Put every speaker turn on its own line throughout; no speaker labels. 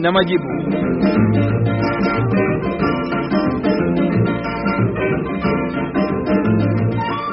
na majibu.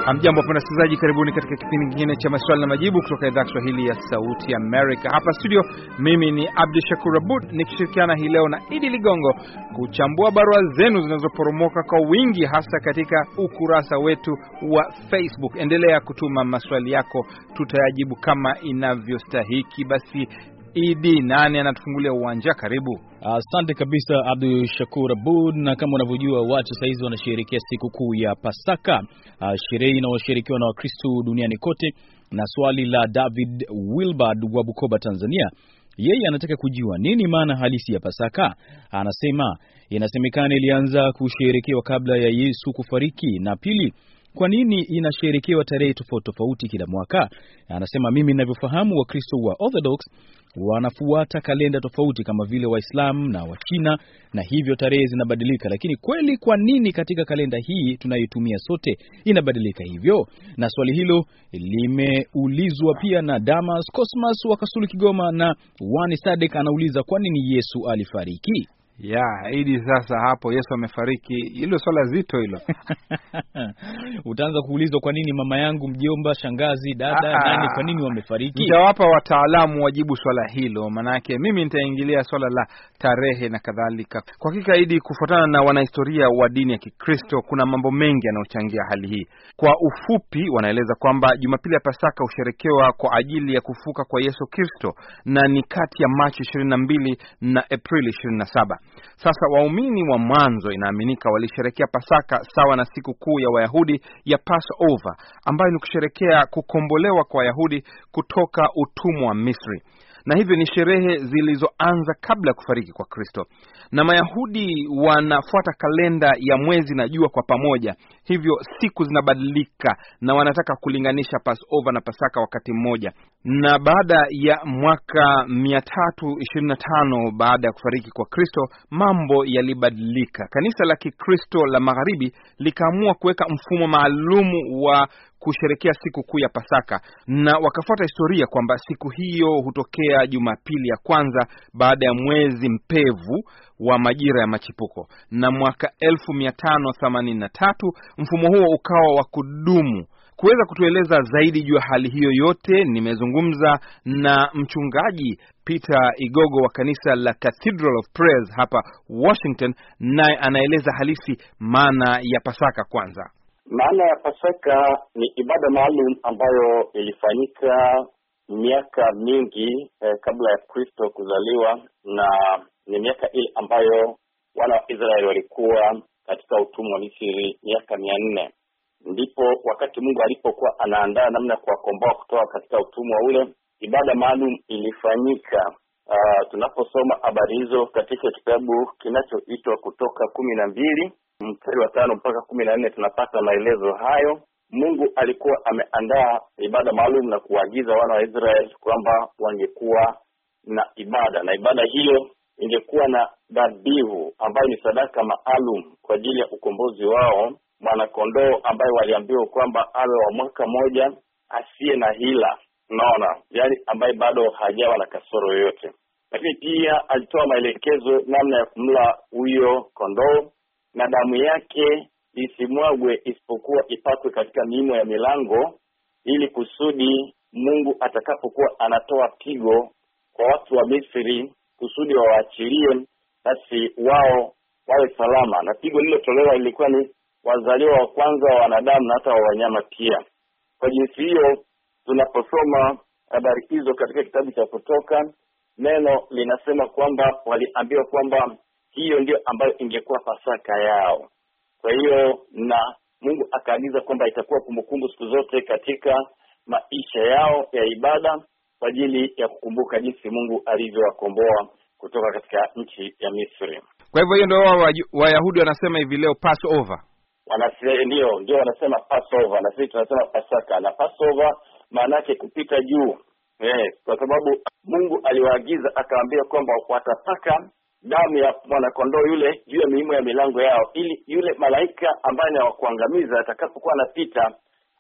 Hamjambo wapenda wasikilizaji, karibuni katika kipindi kingine cha maswali na majibu kutoka idhaa ya Kiswahili ya Sauti ya Amerika hapa studio. Mimi ni Abdu Shakur Abud nikishirikiana hii leo na Idi Ligongo kuchambua barua zenu zinazoporomoka kwa wingi, hasa katika ukurasa wetu wa Facebook. Endelea kutuma maswali yako,
tutayajibu kama inavyostahiki. Basi Idi, nani anatufungulia uwanja? Karibu. Asante kabisa Abdu Shakur Abud, na kama unavyojua watu sahizi wanasherehekea sikukuu ya Pasaka, ah, sherehe inayoshirikiwa na Wakristu duniani kote, na swali la David Wilbard wa Bukoba, Tanzania yeye anataka kujua nini maana halisi ya Pasaka. Anasema inasemekana ilianza kusherekewa kabla ya Yesu kufariki, na pili, kwa nini inasherekewa tarehe tofauti tofauti kila mwaka? Anasema mimi ninavyofahamu, Wakristo wa Orthodox wanafuata kalenda tofauti kama vile Waislamu na Wachina, na hivyo tarehe zinabadilika. Lakini kweli, kwa nini katika kalenda hii tunayoitumia sote inabadilika hivyo? Na swali hilo limeulizwa pia na Damas Cosmas wa Kasulu, Kigoma, na Wani Sadek anauliza kwa nini Yesu alifariki? ya Idi. Sasa hapo Yesu amefariki, hilo swala zito hilo. Utaanza kuulizwa kwa nini mama yangu, mjomba, shangazi, dada, ah, nani, kwa nini wamefariki?
Nitawapa wataalamu wajibu swala hilo, maanake mimi nitaingilia swala la tarehe na kadhalika. Kwa hakika, Idi, kufuatana na wanahistoria wa dini ya Kikristo, kuna mambo mengi yanayochangia hali hii. Kwa ufupi, wanaeleza kwamba Jumapili ya Pasaka husherekewa kwa ajili ya kufuka kwa Yesu Kristo na ni kati ya Machi 22 na Aprili 27. Sasa waumini wa mwanzo inaaminika walisherekea Pasaka sawa na siku kuu ya Wayahudi ya Passover, ambayo ni kusherekea kukombolewa kwa Wayahudi kutoka utumwa wa Misri na hivyo ni sherehe zilizoanza kabla ya kufariki kwa Kristo. Na Mayahudi wanafuata kalenda ya mwezi na jua kwa pamoja, hivyo siku zinabadilika na wanataka kulinganisha Passover na Pasaka wakati mmoja. Na baada ya mwaka 325 baada ya kufariki kwa Kristo, mambo yalibadilika. Kanisa la Kikristo la Magharibi likaamua kuweka mfumo maalumu wa kusherekea siku kuu ya Pasaka, na wakafuata historia kwamba siku hiyo hutokea Jumapili ya kwanza baada ya mwezi mpevu wa majira ya machipuko. Na mwaka 1583 mfumo huo ukawa wa kudumu. Kuweza kutueleza zaidi juu ya hali hiyo yote, nimezungumza na mchungaji Peter Igogo wa kanisa la Cathedral of Prayers hapa Washington, naye anaeleza halisi maana ya Pasaka kwanza.
Maana ya Pasaka ni ibada maalum ambayo ilifanyika miaka mingi eh, kabla ya Kristo kuzaliwa, na ni miaka ile ambayo wana wa Israeli walikuwa katika utumwa wa Misri miaka mia nne. Ndipo wakati Mungu alipokuwa anaandaa namna ya kuwakomboa kutoka katika utumwa ule, ibada maalum ilifanyika. Uh, tunaposoma habari hizo katika kitabu kinachoitwa Kutoka kumi na mbili mstari wa tano mpaka kumi na nne tunapata maelezo hayo. Mungu alikuwa ameandaa ibada maalum na kuwaagiza wana wa israel kwamba wangekuwa na ibada, na ibada hiyo ingekuwa na dhabihu ambayo ni sadaka maalum kwa ajili ya ukombozi wao, mwanakondoo ambaye waliambiwa kwamba awe wa mwaka mmoja, asiye na hila, unaona, yaani ambaye bado hajawa na kasoro yoyote. Lakini pia alitoa maelekezo namna ya kumla huyo kondoo na damu yake isimwagwe isipokuwa ipakwe katika miimo ya milango ili kusudi Mungu atakapokuwa anatoa pigo kwa watu wa Misri kusudi wawaachilie basi wao wawe salama na pigo lililotolewa ilikuwa ni wazaliwa wa kwanza wa wanadamu na hata wa wanyama pia kwa jinsi hiyo tunaposoma habari hizo katika kitabu cha kutoka neno linasema kwamba waliambiwa kwamba hiyo ndio ambayo ingekuwa Pasaka yao. Kwa hiyo na Mungu akaagiza kwamba itakuwa kumbukumbu siku zote katika maisha yao ya ibada kwa ajili ya kukumbuka jinsi Mungu alivyowakomboa kutoka katika nchi ya Misri.
Kwa hivyo hiyo ndio wayahudi Wayahudi wanasema hivi leo Passover.
Wanasema ndio, ndio wanasema Passover na sisi tunasema Pasaka. Na Passover maana yake kupita juu. Eh, kwa sababu Mungu aliwaagiza akawaambia kwamba watapaka damu ya mwanakondoo yule juu ya miimo ya milango yao, ili yule malaika ambaye ni kuangamiza atakapokuwa anapita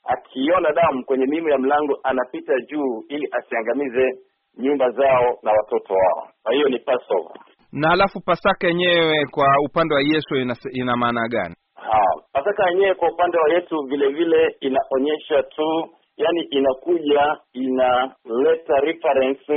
akiona damu kwenye miimo ya mlango, anapita juu ili asiangamize nyumba zao na watoto wao. Kwa hiyo ni Passover.
Na alafu Pasaka yenyewe kwa upande wa Yesu ina, ina maana gani?
Ha, Pasaka yenyewe kwa upande wa Yesu vile vile inaonyesha tu, yani inakuja inaleta reference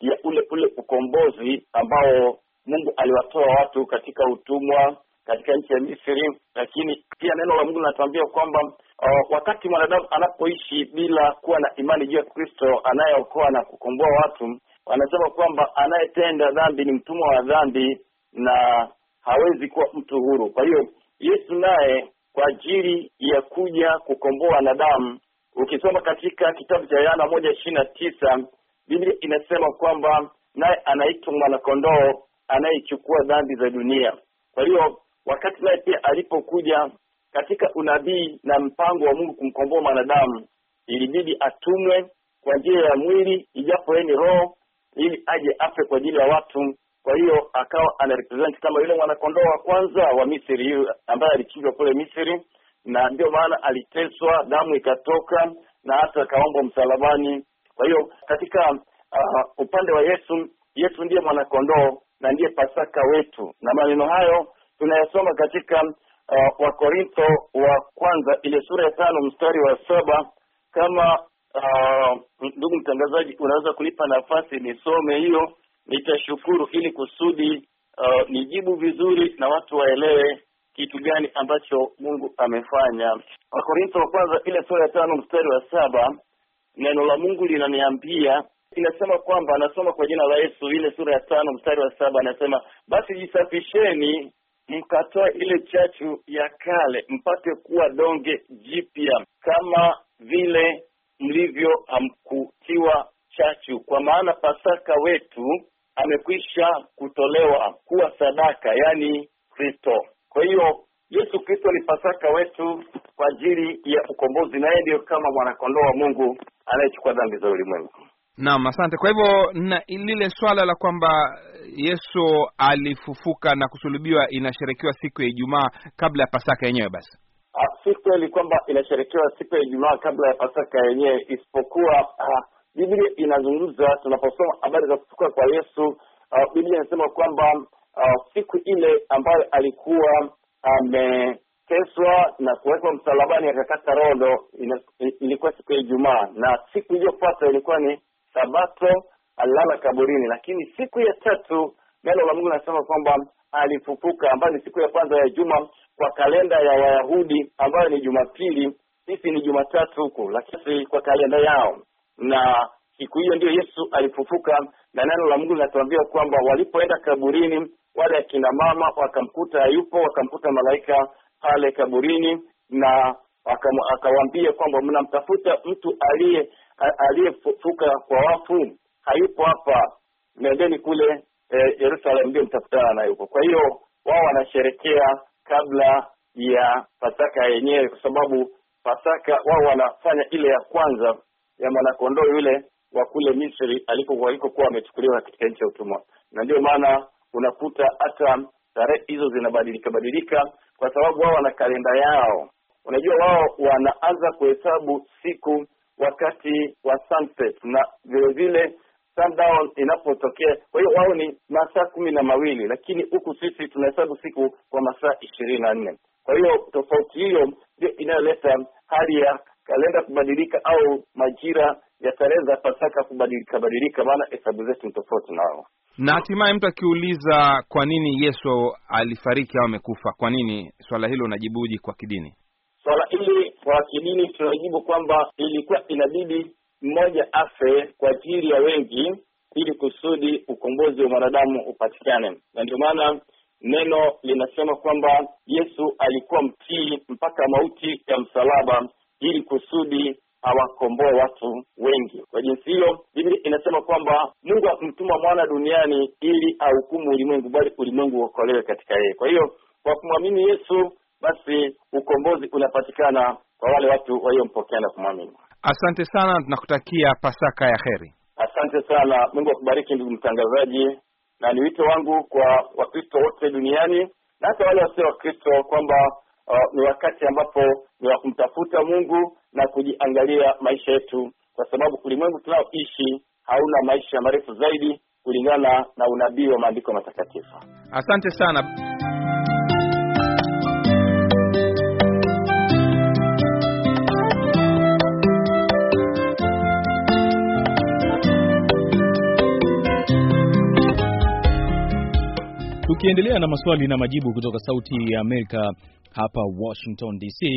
ya ule ule ukombozi ambao Mungu aliwatoa watu katika utumwa katika nchi ya Misri, lakini pia neno la Mungu linatuambia kwamba uh, wakati mwanadamu anapoishi bila kuwa na imani juu ya Kristo anayeokoa na kukomboa watu, wanasema kwamba anayetenda dhambi ni mtumwa wa dhambi na hawezi kuwa mtu huru. Kwa hiyo Yesu naye kwa ajili ya kuja kukomboa wanadamu, ukisoma katika kitabu cha Yohana moja ishirini na tisa Biblia inasema kwamba naye anaitwa mwanakondoo anayechukua dhambi za dunia. Kwa hiyo wakati naye pia alipokuja katika unabii na mpango wa Mungu kumkomboa mwanadamu, ilibidi atumwe kwa njia ya mwili, ijapo yeye ni roho, ili aje afe kwa ajili ya watu. Kwa hiyo akawa anarepresent kama yule mwanakondoo wa kwanza wa Misri ambaye alichinjwa kule Misri, na ndio maana aliteswa, damu ikatoka na hata akaombwa msalabani. Kwa hiyo katika uh, upande wa Yesu, Yesu ndiye mwanakondoo na ndiye Pasaka wetu. Na maneno hayo tunayasoma katika uh, Wakorintho wa kwanza ile sura ya tano mstari wa saba kama uh, ndugu mtangazaji unaweza kulipa nafasi nisome hiyo, nitashukuru ili kusudi uh, nijibu vizuri na watu waelewe kitu gani ambacho Mungu amefanya. Wakorintho wa kwanza ile sura ya tano mstari wa saba neno la Mungu linaniambia inasema kwamba anasoma kwa jina la Yesu, ile sura ya tano mstari wa saba anasema basi jisafisheni mkatoa ile chachu ya kale mpate kuwa donge jipya kama vile mlivyo hamkutiwa chachu, kwa maana Pasaka wetu amekwisha kutolewa kuwa sadaka, yani Kristo. Kwa hiyo Yesu Kristo ni Pasaka wetu kwa ajili ya ukombozi, na yeye ndiyo kama mwanakondoo wa Mungu anayechukua dhambi za ulimwengu.
Naam, asante. Kwa hivyo na lile swala la kwamba Yesu alifufuka na kusulubiwa inasherekewa siku ya Ijumaa kabla ya Pasaka yenyewe. Basi
si kweli kwamba inasherekewa siku ya Ijumaa kabla ya Pasaka yenyewe, isipokuwa ah, Biblia inazungumza, tunaposoma habari za kufufuka kwa Yesu, ah, Biblia inasema kwamba uh, siku ile ambayo alikuwa ameteswa na kuwekwa msalabani akakata roho, ilikuwa siku ya Ijumaa, na siku iliyofuata ilikuwa ni Sabato alilala kaburini, lakini siku ya tatu neno la Mungu linasema kwamba alifufuka, ambayo ni siku ya kwanza ya juma kwa kalenda ya Wayahudi, ambayo ni Jumapili. Sisi ni Jumatatu huku, lakini kwa kalenda yao, na siku hiyo ndiyo Yesu alifufuka, na neno la Mungu linatuambia kwamba walipoenda kaburini, wale akina mama wakamkuta hayupo, wakamkuta malaika pale kaburini, na akawaambia kwamba mnamtafuta mtu aliye aliyefufuka kwa wafu hayupo hapa, nendeni kule eh, Yerusalemu, ndio mtakutana naye huko. Kwa hiyo wao wanasherekea kabla ya Pasaka yenyewe, kwa sababu Pasaka wao wanafanya ile ya kwanza ya mwanakondoo yule wa kule Misri alikokuwa amechukuliwa katika nchi ya utumwa, na ndio maana unakuta hata tarehe hizo zinabadilika badilika, kwa sababu wao wana kalenda yao. Unajua, wao wanaanza kuhesabu siku wakati wa sunset na vile vile sundown inapotokea. Kwa hiyo wao ni masaa kumi na mawili, lakini huku sisi tunahesabu siku kwa masaa ishirini na nne. Kwa hiyo tofauti hiyo ndio inayoleta hali ya kalenda kubadilika au majira ya tarehe za Pasaka kubadilika badilika, maana hesabu zetu ni tofauti nao.
Na hatimaye mtu akiuliza kwa nini Yesu alifariki au amekufa, kwa nini swala hilo unajibuji kwa kidini?
Swala hili kwa kidini tunajibu kwamba ilikuwa inabidi mmoja afe kwa ajili ya wengi, ili kusudi ukombozi wa mwanadamu upatikane, na ndio maana neno linasema kwamba Yesu alikuwa mtii mpaka mauti ya msalaba, ili kusudi awakomboe watu wengi. Kwa jinsi hiyo, Biblia inasema kwamba Mungu akumtuma mwana duniani ili ahukumu ulimwengu, bali ulimwengu uokolewe katika yeye. Kwa hiyo, kwa kumwamini Yesu basi ukombozi unapatikana kwa wale watu waliompokea na kumwamini.
Asante sana, tunakutakia Pasaka ya heri.
Asante sana, Mungu akubariki ndugu mtangazaji, na ni wito wangu kwa Wakristo wote duniani na hata wale wasio Wakristo kwamba uh, ni wakati ambapo ni wa kumtafuta Mungu na kujiangalia maisha yetu, kwa sababu ulimwengu tunaoishi hauna maisha marefu zaidi kulingana na unabii wa maandiko matakatifu.
Asante sana.
Tukiendelea na maswali na majibu kutoka Sauti ya Amerika hapa Washington DC,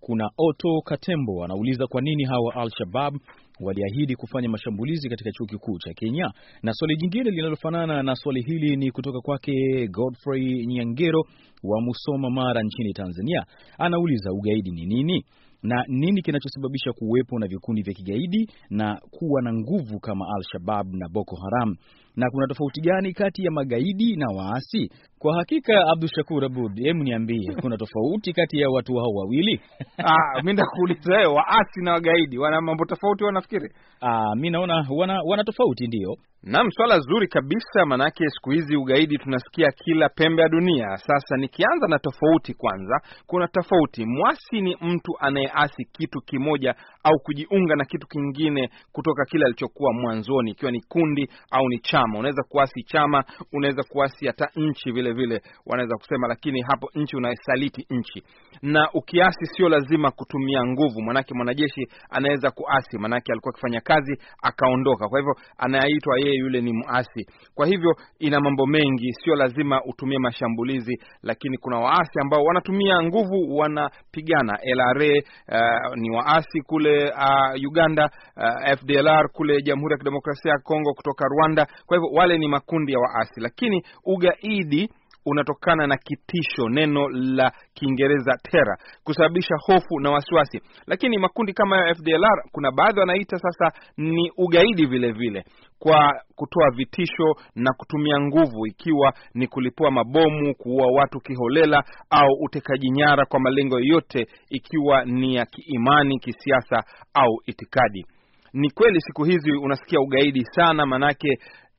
kuna Otto Katembo anauliza kwa nini hawa Al-Shabab waliahidi kufanya mashambulizi katika chuo kikuu cha Kenya. Na swali jingine linalofanana na swali hili ni kutoka kwake Godfrey Nyangero wa Musoma, Mara, nchini Tanzania. Anauliza ugaidi ni nini na nini kinachosababisha kuwepo na vikundi vya kigaidi na kuwa na nguvu kama Al-Shabab na Boko Haram na kuna tofauti gani kati ya magaidi na waasi? Kwa hakika, Abdu Shakur Abud, hebu niambie, kuna tofauti kati ya watu hao wawili? Ah, ndakuuliza wewe, eh, waasi na wagaidi wana mambo tofauti wanafikiri?
Ah, naona wana, wana tofauti ndiyo. Naam, swala zuri kabisa, maanake siku hizi ugaidi tunasikia kila pembe ya dunia. Sasa nikianza na tofauti kwanza, kuna tofauti. Mwasi ni mtu anayeasi kitu kimoja au kujiunga na kitu kingine kutoka kile alichokuwa mwanzoni, ikiwa ni kundi au ni chama chama, unaweza kuasi chama, unaweza kuasi hata nchi vile vile, wanaweza kusema, lakini hapo nchi unaisaliti nchi. Na ukiasi sio lazima kutumia nguvu, manake mwanajeshi anaweza kuasi, manake alikuwa akifanya kazi akaondoka, kwa hivyo anaitwa yeye yule ni muasi. Kwa hivyo ina mambo mengi, sio lazima utumie mashambulizi, lakini kuna waasi ambao wanatumia nguvu, wanapigana. LRA uh, ni waasi kule uh, Uganda, uh, FDLR kule Jamhuri ya Kidemokrasia ya Kongo kutoka Rwanda. Kwa kwa hivyo wale ni makundi ya waasi, lakini ugaidi unatokana na kitisho, neno la Kiingereza tera kusababisha hofu na wasiwasi. Lakini makundi kama ya FDLR kuna baadhi wanaita sasa ni ugaidi vile vile, kwa kutoa vitisho na kutumia nguvu, ikiwa ni kulipua mabomu, kuua watu kiholela, au utekaji nyara kwa malengo yoyote, ikiwa ni ya kiimani, kisiasa au itikadi. Ni kweli siku hizi unasikia ugaidi sana, manake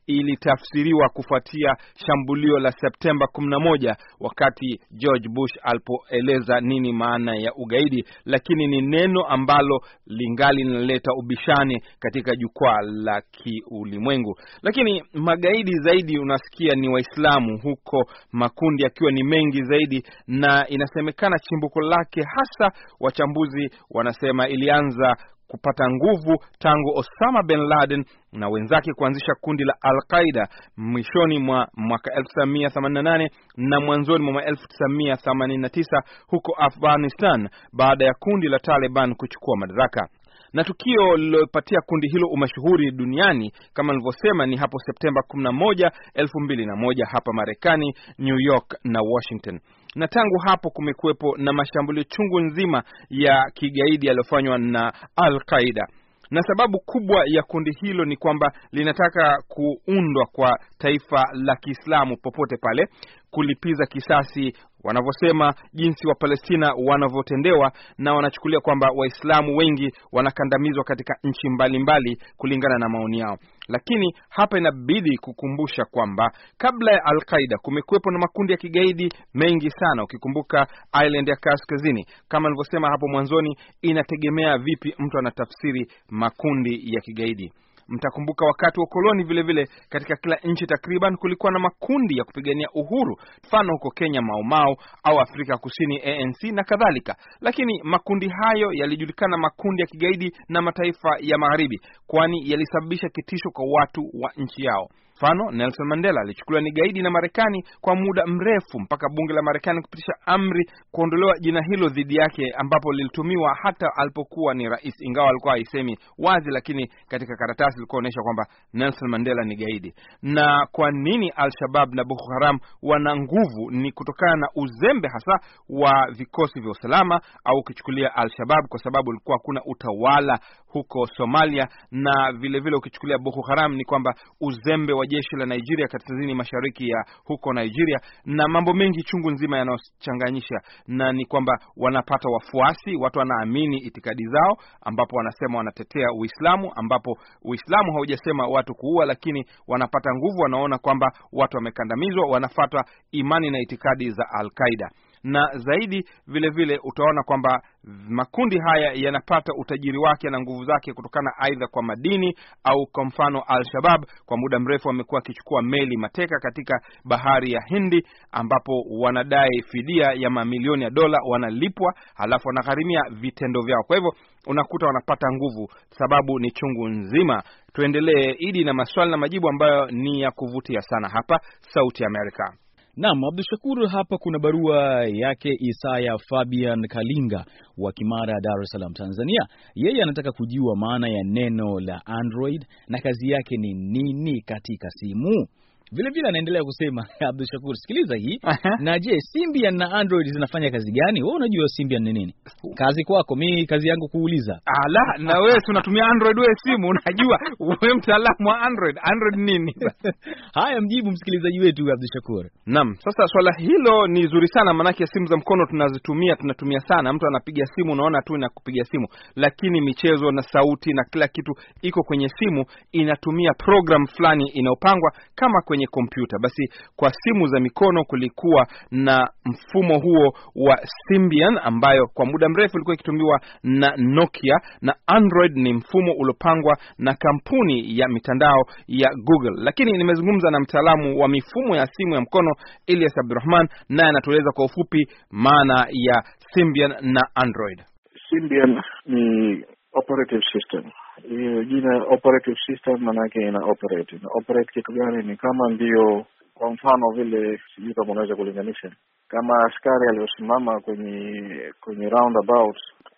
ilitafsiriwa kufuatia shambulio la Septemba 11 wakati George Bush alipoeleza nini maana ya ugaidi, lakini ni neno ambalo lingali linaleta ubishani katika jukwaa la kiulimwengu. Lakini magaidi zaidi unasikia ni Waislamu huko, makundi yakiwa ni mengi zaidi, na inasemekana chimbuko lake hasa, wachambuzi wanasema ilianza kupata nguvu tangu Osama bin Laden na wenzake kuanzisha kundi la Al-Qaida mwishoni mwa mwaka 1988 na mwanzoni mwa 1989 huko Afghanistan baada ya kundi la Taliban kuchukua madaraka na tukio lililopatia kundi hilo umashuhuri duniani kama nilivyosema ni hapo Septemba 11, 2001 hapa Marekani, New York na Washington na tangu hapo kumekuwepo na mashambulio chungu nzima ya kigaidi yaliyofanywa na Al-Qaida na sababu kubwa ya kundi hilo ni kwamba linataka kuundwa kwa taifa la Kiislamu popote pale, kulipiza kisasi wanavyosema jinsi wa palestina wanavyotendewa, na wanachukulia kwamba Waislamu wengi wanakandamizwa katika nchi mbalimbali kulingana na maoni yao. Lakini hapa inabidi kukumbusha kwamba kabla ya Alqaida kumekuwepo na makundi ya kigaidi mengi sana. Ukikumbuka Ireland ya Kaskazini, kama nilivyosema hapo mwanzoni, inategemea vipi mtu anatafsiri makundi ya kigaidi. Mtakumbuka wakati wa ukoloni vilevile, katika kila nchi takriban kulikuwa na makundi ya kupigania uhuru, mfano huko Kenya Maumau au Afrika Kusini ANC na kadhalika, lakini makundi hayo yalijulikana makundi ya kigaidi na mataifa ya Magharibi, kwani yalisababisha kitisho kwa watu wa nchi yao. Mfano, Nelson Mandela alichukuliwa ni gaidi na Marekani kwa muda mrefu mpaka bunge la Marekani kupitisha amri kuondolewa jina hilo dhidi yake, ambapo lilitumiwa hata alipokuwa ni rais, ingawa alikuwa haisemi wazi, lakini katika karatasi ilikuonyesha kwamba Nelson Mandela ni gaidi. Na kwa nini Al-Shabab na Boko Haram wana nguvu? Ni kutokana na uzembe hasa wa vikosi vya usalama, au ukichukulia Al-Shabab kwa sababu ilikuwa hakuna utawala huko Somalia, na vilevile ukichukulia Boko Haram ni kwamba uzembe wa jeshi la Nigeria kaskazini mashariki ya huko Nigeria, na mambo mengi chungu nzima yanayochanganyisha, na ni kwamba wanapata wafuasi, watu wanaamini itikadi zao, ambapo wanasema wanatetea Uislamu, ambapo Uislamu haujasema watu kuua, lakini wanapata nguvu, wanaona kwamba watu wamekandamizwa, wanafata imani na itikadi za Al-Qaida na zaidi vile vile utaona kwamba makundi haya yanapata utajiri wake na nguvu zake kutokana aidha kwa madini au kwa mfano Al-Shabab kwa muda mrefu wamekuwa wakichukua meli mateka katika bahari ya Hindi, ambapo wanadai fidia ya mamilioni ya dola, wanalipwa halafu wanagharimia vitendo vyao. Kwa hivyo unakuta wanapata nguvu, sababu ni chungu nzima. Tuendelee Idi na maswali na majibu ambayo ni ya kuvutia sana hapa Sauti Amerika.
Naam, Abdu Shakur, hapa kuna barua yake Isaya Fabian Kalinga wa Kimara, Dar es Salaam, Tanzania. Yeye anataka kujua maana ya neno la Android na kazi yake ni nini katika simu vile vile anaendelea kusema Abdul Shakur, sikiliza hii na je, Symbian na Android zinafanya kazi gani? Wewe unajua Symbian ni nini? Kazi kwako, mi kazi yangu kuuliza. Ala, na wewe tunatumia Android, wewe simu unajua,
wewe mtaalamu wa Android. Android nini? Haya, mjibu msikilizaji wetu Abdul Shakur. Naam, sasa swala hilo ni zuri sana maanake simu za mkono tunazitumia, tunatumia sana. Mtu anapiga simu, unaona tu inakupiga simu, lakini michezo na sauti na kila kitu iko kwenye simu, inatumia program fulani inayopangwa kama kwenye kwenye kompyuta. Basi kwa simu za mikono kulikuwa na mfumo huo wa Symbian ambayo kwa muda mrefu ilikuwa ikitumiwa na Nokia, na Android ni mfumo uliopangwa na kampuni ya mitandao ya Google. Lakini nimezungumza na mtaalamu wa mifumo ya simu ya mkono Elias Abdurrahman, naye anatueleza kwa ufupi maana ya Symbian na Android.
Symbian ni operative system hiyo jina operative system maanake ina operate na operate kitu gani? Ni kama ndio, kwa mfano vile, sijui kama unaweza kulinganisha, kama askari aliyosimama kwenye kwenye roundabout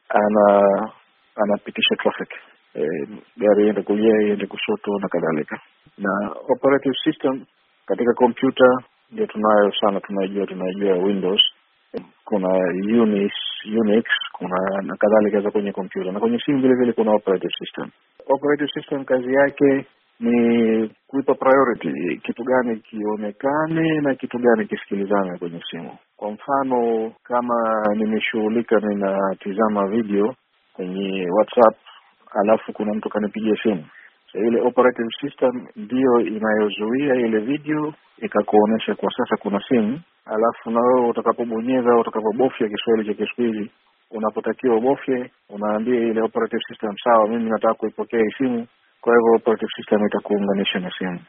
ana anapitisha traffic e, gari iende kulia iende kushoto na kadhalika. Na operative system katika kompyuta ndio tunayo sana, tunaijua tunaijua Windows, kuna Unix, Unix kuna na kadhalika za kwenye kompyuta na kwenye simu vile vile kuna operative system. Operative system kazi yake ni kuipa priority kitu gani kionekane na kitu gani kisikilizane kwenye simu. Kwa mfano, kama nimeshughulika ninatizama video kwenye WhatsApp alafu kuna mtu kanipigia simu so, ile operative system ndiyo inayozuia ile video ikakuonyesha kwa sasa kuna simu, alafu na wewe utakapobonyeza au utakapobofya Kiswahili cha Kiswahili unapotakiwa ubofye, unaambia ile operative system, sawa, mimi nataka kuipokea hii simu. Kwa hivyo operative system itakuunganisha na simu.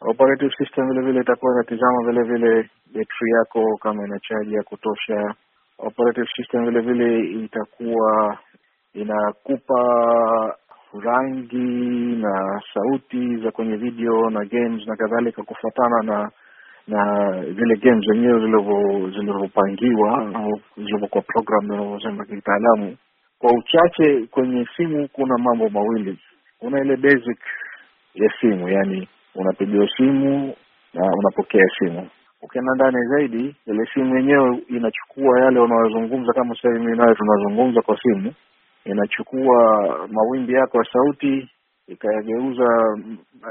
Operative system vile vile itakuwa inatizama vile vile betri yako kama ina chaji ya kutosha. Operative system vile vile itakuwa inakupa rangi na sauti za kwenye video na games na kadhalika, kufuatana na na zile games zenyewe zilivyopangiwa au zilivyokuwa program inavyosema kitaalamu. Kwa uchache, kwenye simu kuna mambo mawili. Kuna ile basic ya simu, yani unapigiwa simu na unapokea simu. Ukienda ndani zaidi, ile simu yenyewe inachukua yale unayozungumza, kama sasa hivi nayo tunazungumza kwa simu, inachukua mawimbi yako ya sauti ikayageuza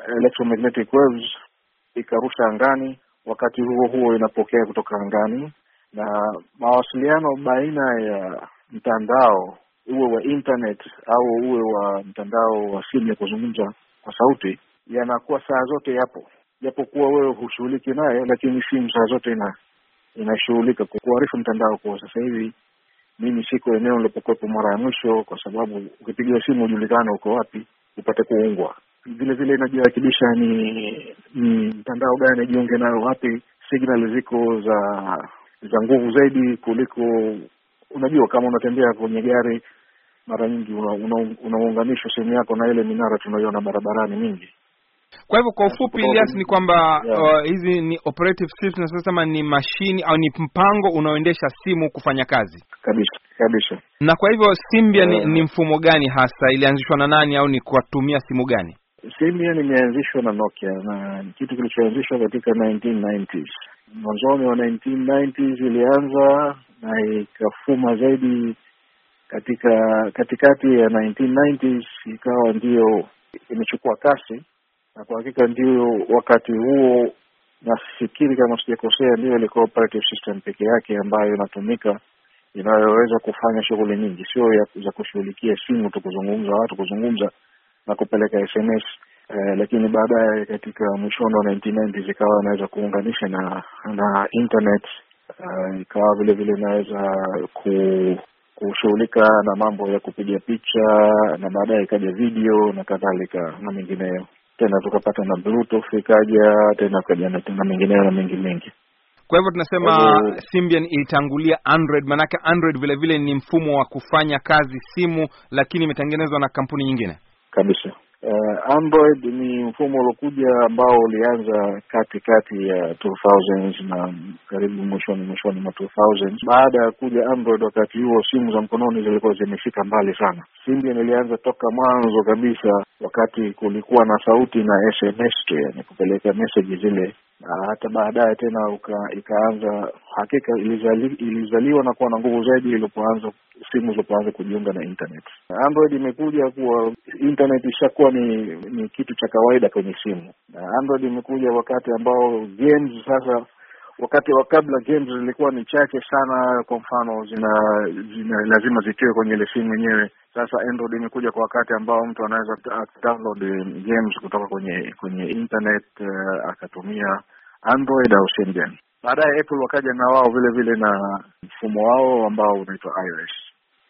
electromagnetic waves ikarusha angani wakati huo huo inapokea kutoka angani, na mawasiliano baina ya mtandao uwe wa internet au uwe wa mtandao wa simu ya kuzungumza kwa sauti yanakuwa saa zote yapo, japokuwa wewe hushughuliki nayo, lakini simu saa zote ina inashughulika kukuarifu mtandao kuwa sasa hivi mimi siko eneo nilipokuwepo mara ya mwisho, kwa sababu ukipigiwa simu hujulikana uko wapi upate kuungwa vile vile inajiwakilisha ni mtandao gani ajiunge nayo, wapi signal ziko za za nguvu zaidi kuliko. Unajua, kama unatembea kwenye gari, mara nyingi unaunganishwa una sehemu yako na ile minara tunaiona barabarani
mingi. Kwa hivyo kwa ufupi, Elias, ni kwamba yeah, uh, hizi uh, ni operative ni mashini au ni mpango unaoendesha simu kufanya kazi kabisa kabisa. Na kwa hivyo simbia yeah, ni, ni mfumo gani hasa, ilianzishwa na nani au ni kuwatumia simu gani?
Simu hiyo nimeanzishwa na Nokia na kitu kilichoanzishwa katika 1990s. Mwanzoni wa 1990s ilianza na ikafuma zaidi katika katikati ya 1990s, ikawa ndio imechukua kasi, na kwa hakika ndio wakati huo, nafikiri kama sijakosea, ndio ilikuwa operative system peke yake ambayo inatumika inayoweza kufanya shughuli nyingi, sio za kushughulikia simu tu, kuzungumza watu, kuzungumza na kupeleka SMS e, eh, lakini baadaye katika mwishoni wa 1990 zikawa anaweza kuunganisha na na internet eh, ikawa vile vile inaweza ku kushughulika na mambo ya kupiga picha na baadaye ikaja video na kadhalika na mengineyo tena tukapata na bluetooth ikaja tena ukaja na mengineyo na mengi mengi.
Kwa hivyo tunasema uh, Symbian ilitangulia Android, maanake Android vile vile ni mfumo wa kufanya kazi simu, lakini imetengenezwa na kampuni nyingine
kabisa. Uh, Android ni mfumo uliokuja ambao ulianza kati kati ya 2000 na karibu mwishoni mwishoni mwa 2000 Baada ya kuja Android, wakati huo simu za mkononi zilikuwa zimefika mbali sana. Symbian ilianza toka mwanzo kabisa, wakati kulikuwa na sauti na SMS tu, yani kupeleka meseji zile Ah, hata baadaye tena ikaanza hakika ilizali, ilizaliwa na kuwa na nguvu zaidi ilipoanza simu zilipoanza kujiunga na internet. Android imekuja kuwa internet ishakuwa ni ni kitu cha kawaida kwenye simu, na Android imekuja wakati ambao games sasa wakati wa kabla games zilikuwa ni chache sana, kwa mfano zina, zina lazima zitiwe kwenye ile simu yenyewe. Sasa Android imekuja kwa wakati ambao mtu anaweza download games kutoka kwenye kwenye internet uh, akatumia Android au Shenzhen. Baadaye Apple wakaja na wao vile vile na mfumo wao ambao unaitwa iOS.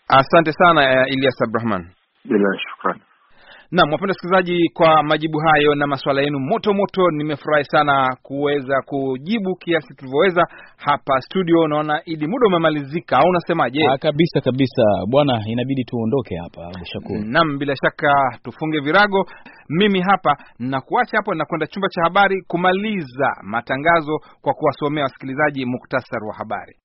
Asante sana ilias eh, Abrahman. Bila shukrani. Naam, wapenda wasikilizaji, kwa majibu hayo na masuala yenu moto moto, nimefurahi sana kuweza kujibu kiasi tulivyoweza hapa studio. Naona Idi, muda umemalizika au unasemaje? Ah,
kabisa kabisa bwana, inabidi tuondoke hapa Abdushakur.
Naam, bila shaka tufunge virago. Mimi hapa nakuacha hapo na kwenda chumba cha habari kumaliza matangazo kwa kuwasomea wasikilizaji muktasar wa habari.